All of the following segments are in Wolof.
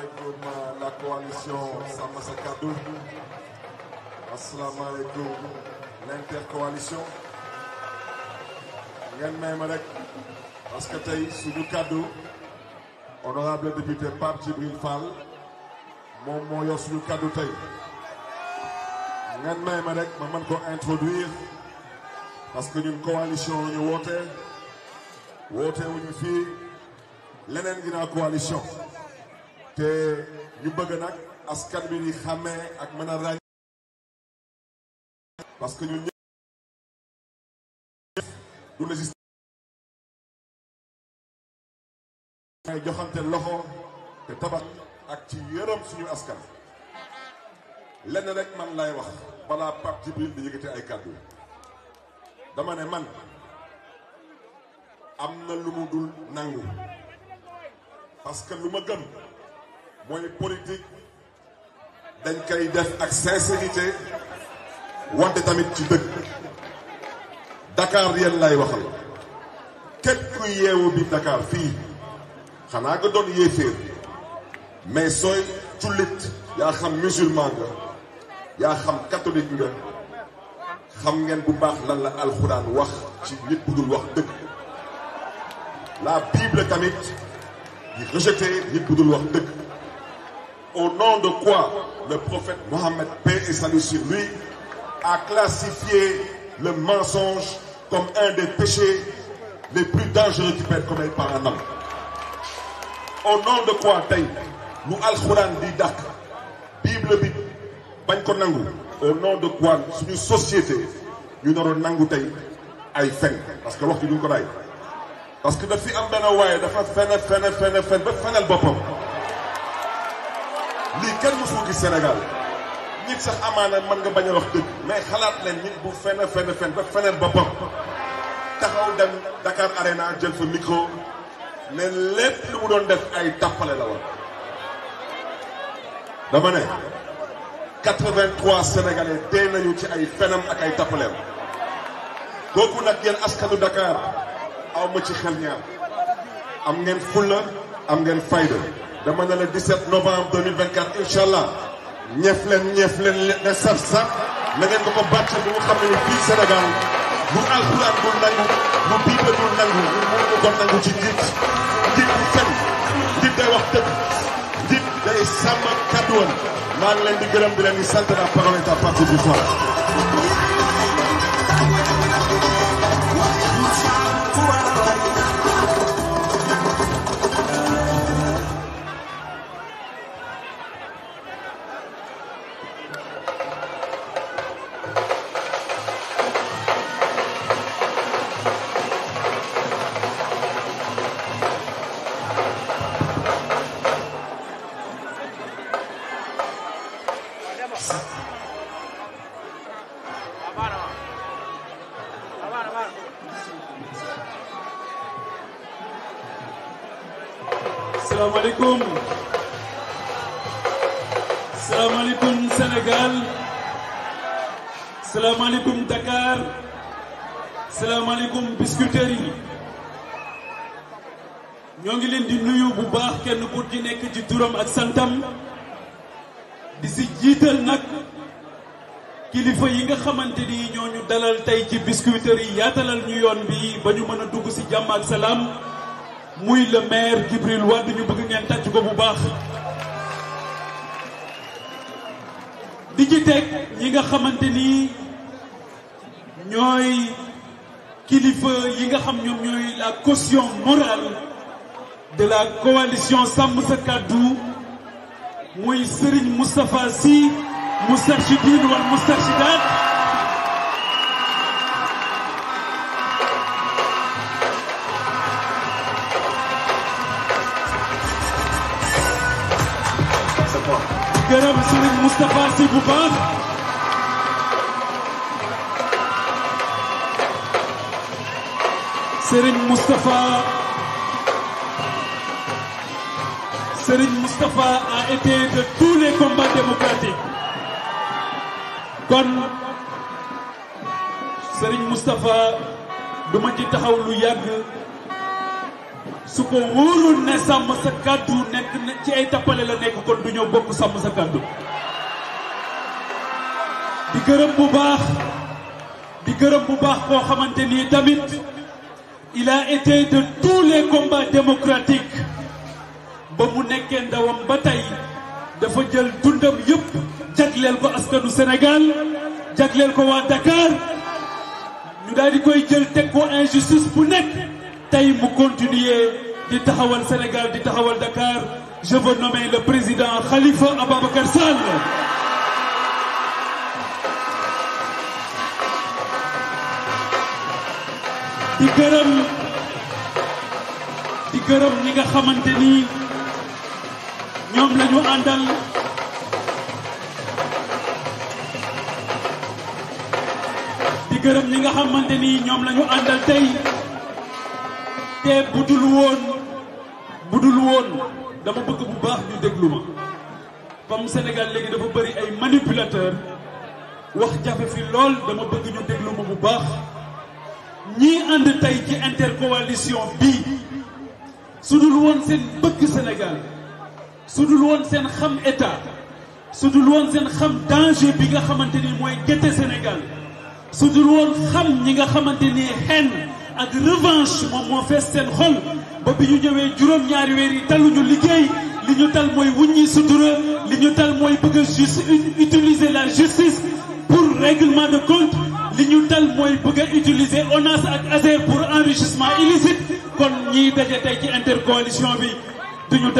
alaikum la coalition Samasakadou. Assalamu alaikum l'intercoalition. coalition may ma rek parce que tey suñu cadeau. honorable député Pape Djibril Fall mon moo yor suñu cadeau. tey ngeen may ma rek ma mën ko introduire parce que ñun coalition ñu woote une wuñu Nous sommes une coalition te ñu bëgg nag askan bi di xàmmee ak mën a ràññ parce que ñun ñëpp du législation joxante loxo te tabax ak ci yërëm suñu askan lenn rek man lay wax balaa Pape Djibril di yëkkati ay kàddu dama ne man am na lu mu dul nangu parce que lu ma gëm moy politique dañ kay def ak sincérité wante tamit ci dëgg Dakar yéen lay waxal képp kuy yeewu bi Dakar fi xana ko doon yéeféer mais soy tulit ya xam musulman nga ya xam catholique nga xam ngeen bu baax lan la alxuraan wax ci nit bu wax dëgg la Bible tamit di rejeter nit bu wax dëgg au nom de quoi le prophète Mohammed, paix et salut sur lui, a classifié le mensonge comme un des péchés les plus dangereux qui peuvent être commis par un homme. Au nom de quoi, nous al dit Bible au nom de quoi, sur une société, nous parce que l'autre, nous connaît. Parce que depuis de fait, Fen, Fen, lii kenn mosu ko gis Sénégal nit sax amaana mën nga bañ wax dëgg mais xalaat leen nit bu fenn fenn fenn ba feneen boppam taxaw dem Dakar Arena jël fa micro ne lépp lu mu doon def ay tàppale la woon dama ne 83 Sénégalais dee nañu ci ay fenam ak ay tappaleem kooku nag yéen askanu Dakar aw ma ci xel ñaar am ngeen fulla am ngeen fayda dama ne la 17 novembre 2024 incha allah ñeef leen ñeef leen ne saf-saf na ngeen ko ko bàcc bu nga xam ne fii Sénégal bu alxuraan dul nangu bu biiba dul nangu ñu mënuñu ko nangu ci njiit njiit bu fen day wax dëgg njiit day sàmm kàddu maa ngi leen di gërëm di leen di sant la parole est à partir Assalamualaikum, Assalamualaikum Senegal. Assalamualaikum Dakar Assalamualaikum Biskuteri. yi ñoo ngi leen di nuyu bu baax kenn ku ci nekk ci turam ak santam di si jiital nag kilifa yi nga xamante ni ñoo ñu dalal tey ci Biscuiterie yi yaatalal ñu bi ba ñu mën si jàmm ak salaam. muy le maire Djibril Wade ñu bëgg ngeen tàcc ko bu baax di ci teg ñi nga xamante ni ñooy kilifa yi nga xam ñoom ñooy la caution morale de la coalition sàmm sa kàddu muy Serigne Moustapha Sy Moustarchidine wal Moustarchidaat gërëm Serigne Moustapha Sy bu baax Serigne Moustapha Serigne Moustapha a été de tous les combats démocratiques kon Serigne Moustapha du ma ci taxaw lu su ko wóorul ne sàmm sa kàddu nekk ci ay tappale la nekk kon du ñëw bokk sàmm sa kàddu di gërëm bu baax di gërëm bu baax koo xamante ni tamit il a été de tous les combats démocratiques ba mu nekkee ndawam ba tey dafa jël dundam yëpp jagleel ko askanu Sénégal jagleel ko waa Dakar ñu daal di koy jël teg ko injustice bu nekk tey mu continuer di taxawal Sénégal di taxawal Dakar je le président Khalifa Ababacar Sall. di gërëm di gërëm ñi nga xamante ni ñoom la ñu àndal di gërëm ñi nga xamante ni ñoom lañu àndal tey. te budul woon budul won dama bëgg bu baax ñu dégluma ma comme Sénégal légui dafa bëri ay manipulateur wax jafé fi lool dama bëgg ñu dégluma bu baax ñi and tay ci intercoalition bi sudul won woon seen bëgg Sénégal sudul won woon seen xam état sudul won woon seen xam danger bi nga xamanteni ni mooy gëte Sénégal sudul won xam ñi nga xamanteni ni xenn ak revanche moom moo fees seen xol ba bi ñu ñëwee ñaari weer tal tal utiliser la justice pour règlement de compte li tal mooy bëgg utiliser ONAS ak pour enrichissement illicite kon ci intercoalition bi duñu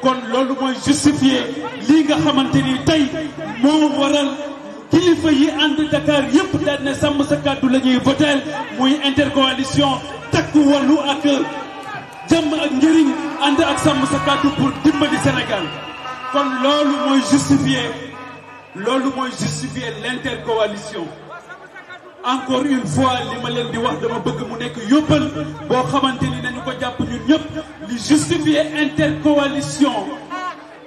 kon loolu justifier kilifa yi ànd Dakar yépp daal ne sàmm sa kàddu la ñuy voteel muy intercoalition takku wàllu ak jàmm ak njëriñ ànd ak sàmm sa kàddu pour dimbali Sénégal kon loolu mooy justifier loolu mooy justifier l'intercoalition encore une fois li ma leen di wax dama bëgg mu nekk yóbbal boo xamante ni nañu ko jàpp ñun ñëpp li justifier intercoalition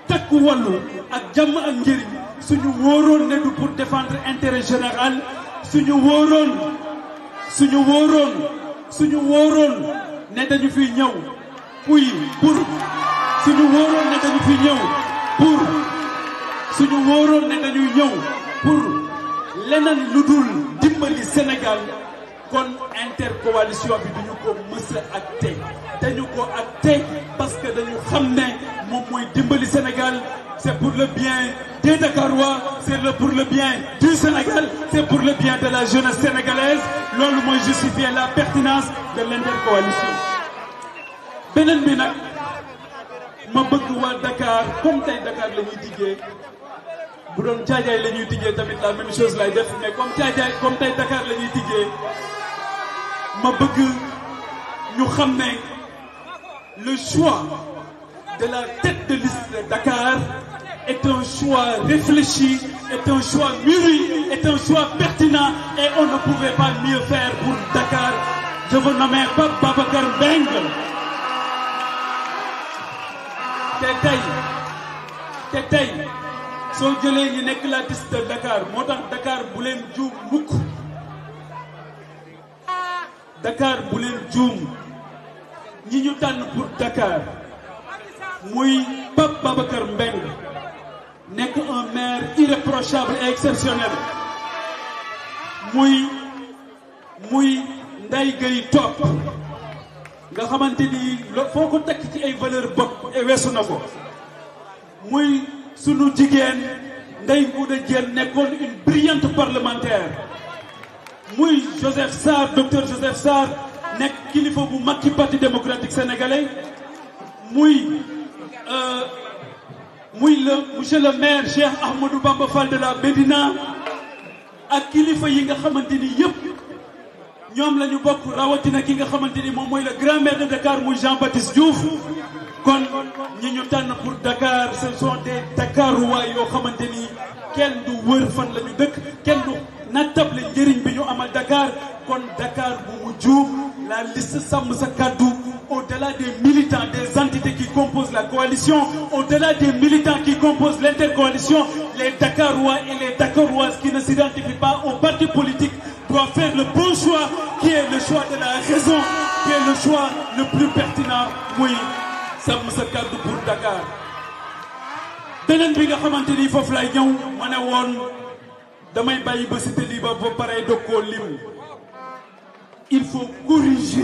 takku wàllu ak jàmm ak njëriñ suñu wóoroon ne pour défendre l'intérêt général suñu Woron, suñu si nous wóoroon ne dañu fi ñëw oui, pour suñu Nous ne pour nous, wóoroon ne ñëw pour nous. lu dimbali Sénégal kon intercoalition bi nous ko nous parce que nous nous dimbali Sénégal c'est pour le bien des Dakarois, c'est pour le bien du Sénégal, c'est pour le bien de la jeunesse sénégalaise. loolu justifié justifier la pertinence de l'intercoalition Benen bi nak ma bëgg wa Dakar comme tay Dakar le ñuy bu doon la tamit la même chose lay def mais comme tu comme tay Dakar le ñuy ma bëgg ñu xamné le choix de la tête de liste de Dakar est un choix réfléchi, est un choix mûri, est un choix pertinent et on ne pouvait pas mieux faire pour Dakar. Je vous nomme Pape Babacar Beng. te tey Son tey je jëlee la la de Dakar Moi, dans Dakar bu leen Muk Dakar bu leen juum ñi ñu pour Dakar pas papa Babakar Mbeng nek un maire irréprochable et exceptionnel muy muy Ndeye geuy Top nga xamanteni foko foo ci ay valeur bop et weesu muy sunu jigéen Ndeye de Diène nekone une brillante parlementaire muy Joseph Sar, docteur Joseph sar nek kilifa bu mag parti démocratique sénégalais muy. Euh, le monsieur le maire Cheikh Ahmadou Bamba Fall de la Médina ak kilifa yi nga xamanteni ni ñom lañu le grand maire de Dakar Nous Jean Baptiste Diouf kon ñi pour Dakar ce sont des Dakarois yo xamante kenn du wër fan la dëkk kenn Dakar kon Dakar la liste samusakadou sa au-delà des militants des entités qui composent la coalition les Dakarois et les Dakaroises qui ne s'identifient pas au parti politique doivent faire le bon choix, qui est le choix de la raison, qui est le choix le plus pertinent. Oui, ça vous regarde pour Dakar. il faut corriger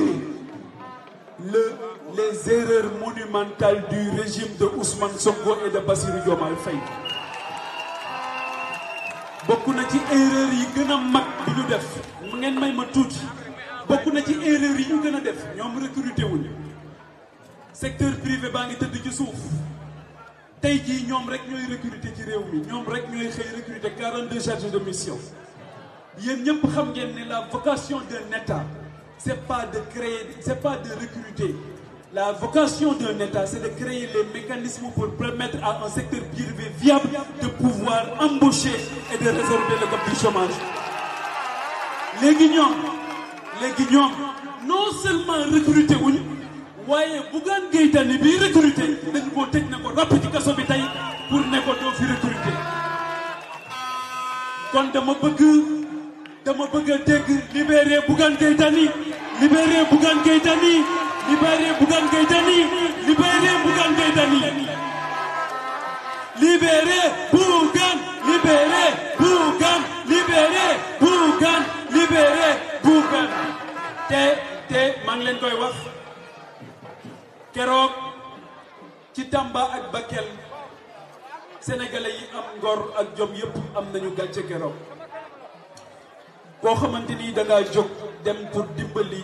les erreurs monumentales du régime de Ousmane Sonko et de Bassirou Diomaye bokk na ci erreur yi gën a mag yu ñu def mu ngeen may ma tuuti bokk na ci erreur yi ñu gën a def ñoom recruté wuñ secteur privé baa ngi tëdd ci suuf tey jii ñoom rek ñooy recruter ci réew mi ñoom rek ñooy xëy recruter 42 charges de mission yéen ñëpp xam ngeen ne la vocation d'un état c'est pas de créer c'est pas de recruter la vocation d'un État, c'est de créer les mécanismes pour permettre à un secteur privé viable de pouvoir embaucher et de résorber le problème du chômage. Les guignons, les guignons, non seulement recruter, vous voyez, Bougan Gaïtani, recruter dañ koo tëj ne pour ne pas fi recruter Quand dama bëgg dama bëgg Libérer libéré Bougane libérer Bougan libéré Libere Bougan Gaydani, libérer Bougan Gaydani. Libérer Bougan, Libere Bougan, Libere Bougan, Libere Bougan. Té té mang len koy wax kérok ci Tamba ak Bakel sénégalais yi am ngor ak jom yépp am nañu gàcce kérok Ko xamante ni da ngaa dem pour dimbali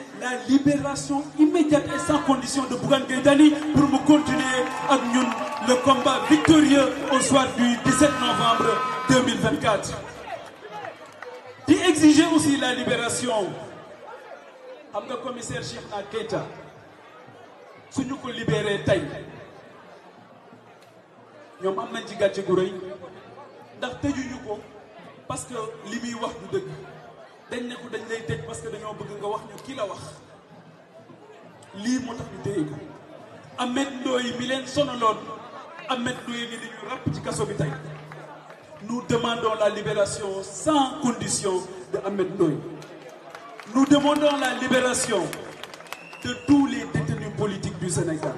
la libération immédiate et sans condition de Bougane Gaïdani pour me continuer avec nous le combat victorieux au soir du 17 novembre 2024 Il exiger aussi la libération xam le commissaire Cheikhna à suñu ko libéré tey ñoom am ci parce que li dañ lay parce que bëgg nga wax ñu la wax ko nous demandons la libération sans condition de Ahmed nous demandons la libération de tous les détenus politiques du Sénégal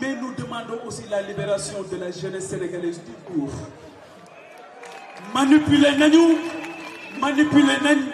mais nous demandons aussi la libération de la jeunesse sénégalaise du cours manipuler nañu manipuler nous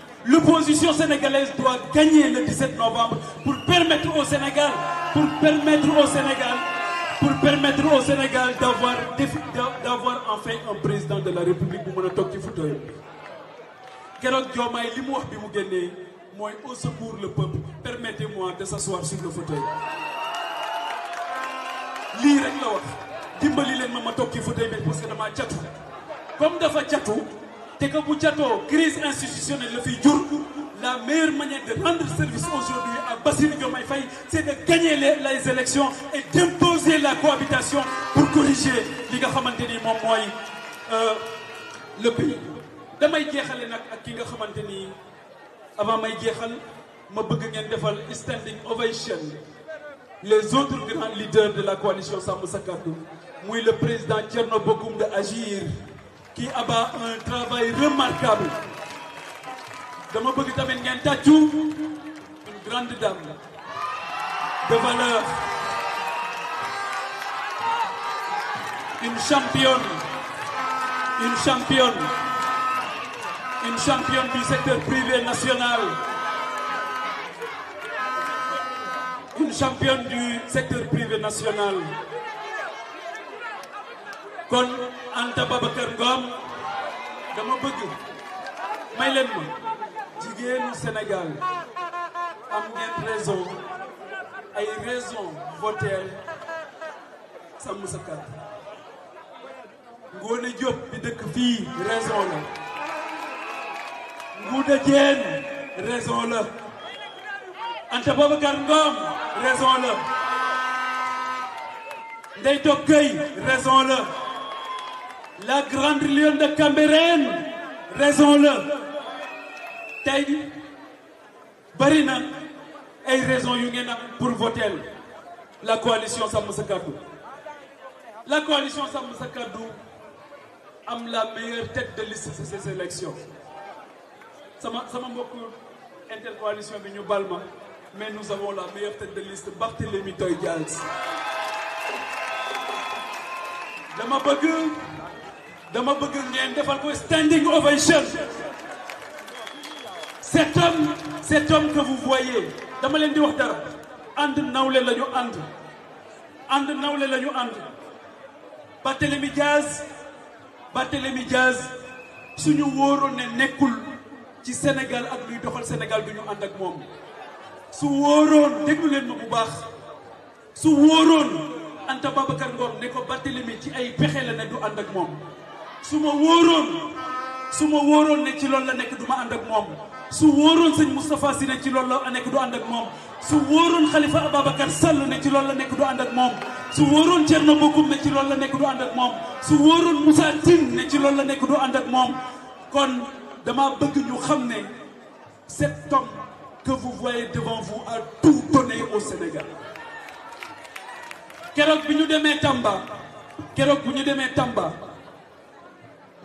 L'opposition sénégalaise doit gagner le 17 novembre pour permettre au Sénégal, pour permettre au Sénégal, pour permettre au Sénégal d'avoir, d'avoir enfin un président de la République pour mën a toog fauteuil keroog Diomaye li wax bi au secours le peuple permettez-moi de s'asseoir sur le fauteuil Lire rek la wax dimbali l'en ma ma toog fauteuil parce que damaa catu comme dafa te que crise institutionnelle la la meilleure manière de rendre service aujourd'hui à Bassirou de Faye c'est de gagner les, les élections et d'imposer la cohabitation pour corriger li nga xamante ni moom euh, le pays damay jeexale nag ak ki nga xamante avant may jeexal ma bëgg ngeen standing ovation les autres grands leaders de la coalition Sàmm Sa le président Thierno Bocoum de Agir qui abat un travail remarquable. Dama un une grande dame de valeur une championne une championne une championne du secteur privé national une championne du secteur privé national kon Anta Babacar Ngom dama bëgg may leen ma jigéenu Sénégal am ngeen raison ay raison voteel sàmm sa kàtt Ngoone Diop bi dëkk fii raison la Ngouda Diène raison la Anta Babacar Ngom raison la Ndeye Top raison la la grande lionne de Cambérène raison-le Taïdi, Barina et raison yu pour voter la coalition Samou la coalition Samou a la meilleure tête de liste de ces élections Ça m'a beaucoup intercoalition bi ñu Balma, Balma, mais nous avons la meilleure tête de liste Barthélémy Toy dama bëgg ngeen defal ko standing ovation cet homme cet homme que dama leen di wax dara ànd nawle la ñu ànd ànd nawle la ñu ànd Barthélémy Diaz Barthélémy Diaz suñu wóoroon ne nekkul ci Sénégal ak luy doxal Sénégal du ñu ànd ak moom su wóoroon déglu bu baax su wóoroon Anta Babacar Ngom ne ko Barthélémy ci ay pexe la ne du ànd ak moom su ma wóoroon su ma wóoroon ne ci loolu la nekk du ma ànd ak moom su wóoroon sëñ Moustapha Sy ne ci loolu la nekk du ànd ak moom su wóoroon Khalifa Ababacar Sall ne ci loolu la nekk du ànd ak moom su wóoroon Thierno Bocoum ne ci loolu la nekk du ànd ak moom su wóoroon Moussa ci loolu la nekk du ànd ak moom kon dama bëgg ñu xam ne cet homme que vous devant vous a tout donné au Sénégal keroog bi ñu demee Tamba keroog bu ñu demee tàmba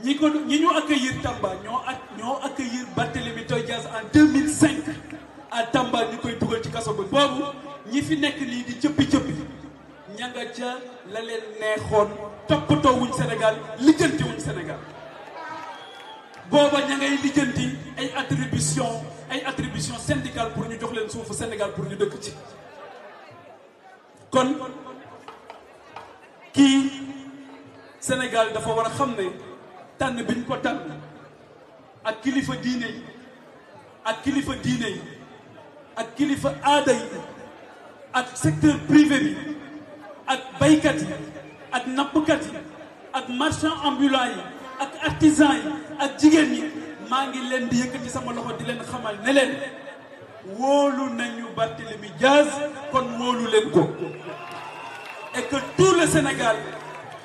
Nous ko accueillir Tamba nous avons accueillir Barthélémy Toye en 2005 à Tamba nous koy avons ci nous ñi fi di nous avons ca la avons neexoon nous Sénégal accueilli Sénégal avons accueilli attribution attribution pour ñu nous Sénégal pour ñu dëkk kon ki Sénégal tànn biñ ko tànn ak kilifa diine yi ak kilifa diine yi ak kilifa aada yi ak secteur privé bi ak baykat yi ak nappkat yi ak marchand ambulant yi ak artisan yi ak jigéen ñi maa ngi leen di yëkkati sama loxo di leen xamal ne leen wóolu nañu bi Diaz kon wóolu leen ko et que tout Sénégal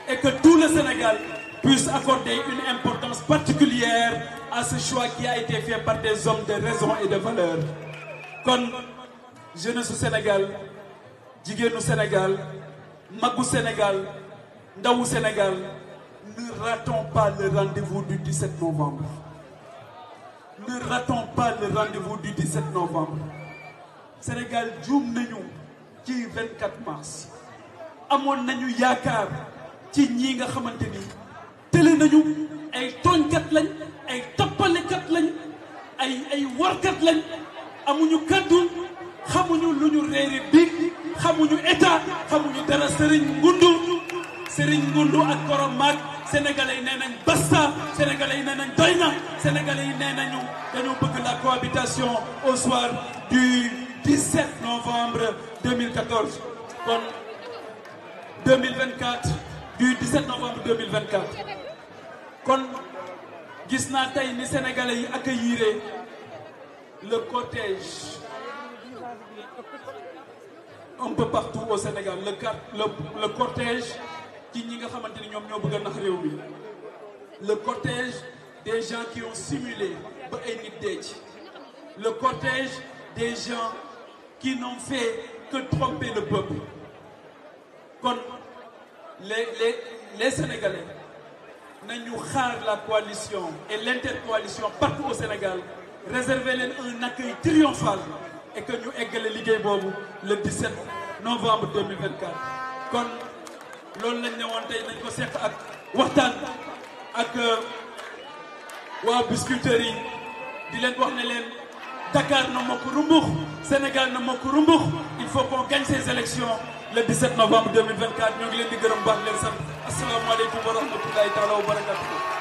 et que tout Sénégal puisse accorder une importance particulière à ce choix qui a été fait par des hommes de raison et de valeur. Comme jeunesse au Sénégal, au Sénégal, magou Sénégal, ndawu Sénégal, ne ratons pas le rendez-vous du 17 novembre. Ne ratons pas le rendez-vous du 17 novembre. Sénégal qui est le 24 mars Amon nañu Yakar, qui est nga xamante tële nañu ay tooñkat lañ ay kat lañ ay ay warkat lañ amuñu kaddu xamuñu luñu ñu bi xamuñu état xamuñu dara serigne ngundu serigne ngundu ak borom maag sénégalais yi basta sénégalais yi doyna sénégalais yi nee nañu bëgg la cohabitation au soir du 17 novembre 2014 kon 2024 du 17 novembre 2024 kon gis na sénégalais yi le cortège un peu partout au Sénégal le cortège qui ñi nga le cortège des gens qui ont simulé le cortège des gens qui n'ont fait que tromper le peuple les les sénégalais nous xaar la coalition et l'intercoalition partout au Sénégal réservé leen un accueil triomphal et que ñu eggale liggéey boobu le 17 novembre 2024 kon loolu lañ ne woon tey nañ ko seq ak waxtaan ak euh, waa Biscuiterie yi di leen wax ne le Dakar na mokk Sénégal na mokk il faut qu'on gagne ces élections le 17 novembre 2024 Nous ngi leen di gërëm leen asalaamaaleykum wa rahmatulahi taala wa barakatuh